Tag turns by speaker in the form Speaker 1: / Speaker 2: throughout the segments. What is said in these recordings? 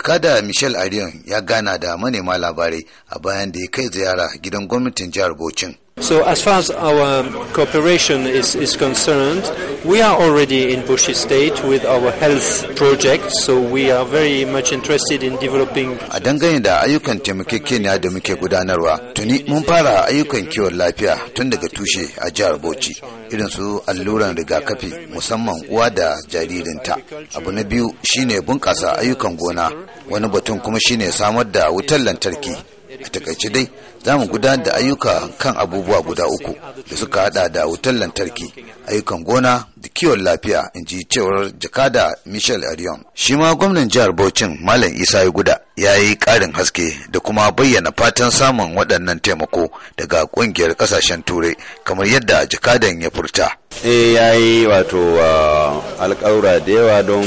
Speaker 1: Jakada Michel Arion ya gana da manema labarai a bayan da ya kai ziyara gidan gwamnatin jihar Bocin.
Speaker 2: So as far as our cooperation is, is concerned, we are already in bush State with our health project, so we are very much interested in developing.
Speaker 1: A dangane da ayyukan taimakekeniya da muke gudanarwa, tuni mun fara ayyukan kiwon lafiya tun daga tushe a jihar Bauchi, irin su alluran rigakafi musamman uwa da jaririnta. Abu na biyu shine bunƙasa ayyukan gona, wani batun kuma shine samar da wutar lantarki. a takaice dai za mu gudanar da ayyuka kan abubuwa guda uku da suka hada da wutar lantarki ayyukan gona da kiwon lafiya in ji cewar jakada michel arion shi ma gwamnan jihar bauchin malam isa ya guda ya yi karin haske da kuma bayyana fatan samun waɗannan taimako daga ƙungiyar ƙasashen turai kamar yadda jakadan ya furta
Speaker 2: e ya yi wato ah, alƙawura da yawa don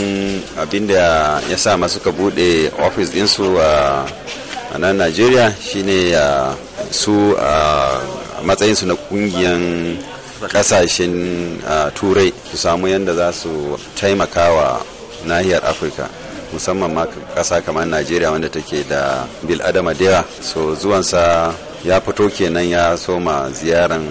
Speaker 2: abinda ya sa masu ka buɗe ofis ɗinsu a ah, a nan najeriya shine su a matsayinsu na kungiyan kasashen turai su samu yadda za su taimakawa nahiyar afirka musamman ma kasa kamar najeriya wanda take da bil adama da yawa so zuwansa ya fito kenan ya soma ziyaran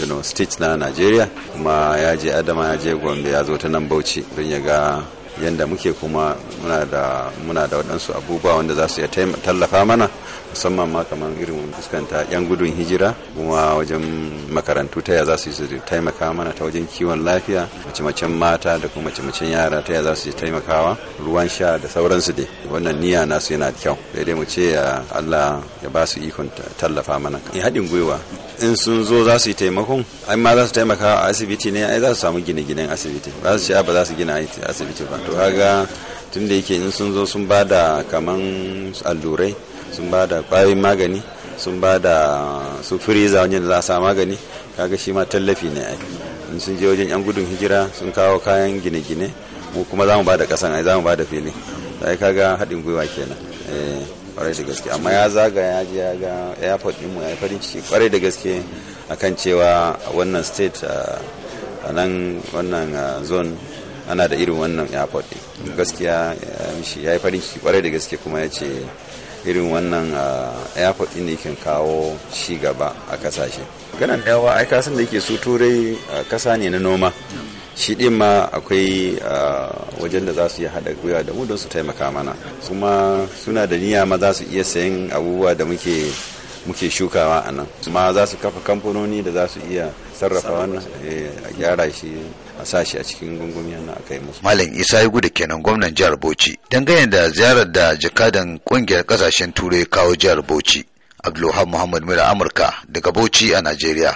Speaker 2: you know, state na nigeria kuma ya je adama ya je gombe ya zo ta nan bauchi don ya ga yadda muke kuma muna da muna da waɗansu abubuwa wanda za su iya tallafa mana musamman ma kamar irin fuskanta yan gudun hijira kuma wajen makarantu taya za su taimaka mana ta wajen kiwon lafiya mace-macen mata da kuma mace-macen yara taya za su taimakawa ruwan sha da sauransu dai wannan niyya nasu yana da kyau daidai mu ce Allah ya ba su ikon tallafa mana haɗin gwiwa in sun zo za su yi taimakon ai ma za su taimaka a asibiti ne ai za su samu gine-ginen asibiti ba su ah, ba za su gina asibiti ba to kaga tun da yake in sun zo sun ba da kaman allurai sun ba da kwayoyin magani sun ba da su firiza wajen da za su magani kaga shi ma tallafi ne ai in sun je wajen yan gudun hijira sun kawo kayan gine-gine mu kuma za mu ba da kasan ai za mu ba da fili sai kaga haɗin gwiwa kenan eh kwarai da gaske amma ya zaga ya ji ya ga airport mu ya farin ciki kwarai da gaske akan cewa wannan state ah, a nan wannan ah, zone ana da irin wannan airport din gaskiya eh, ya yi farin ciki kwarai da gaske kuma ya ce irin wannan ah, airport din ne kan kawo ci gaba a kasashe ganan yawa ai kasan da yake su turai kasa ne na noma shi ɗin ma akwai wajen da za su iya haɗa gwiwa da mu don su taimaka mana kuma suna da niyya ma za su iya sayan abubuwa da muke muke shukawa a nan ma za su kafa kamfanoni da za su iya sarrafa wannan eh, a gyara shi a
Speaker 1: sa shi a cikin gungumi na a kai musu. Malam Isa ya gudu kenan gwamnan jihar Bauchi dangane da ziyarar da jakadan kungiyar kasashen turai kawo jihar Bauchi. Abdulwahab Muhammad Mura Amurka daga Bauchi a Najeriya.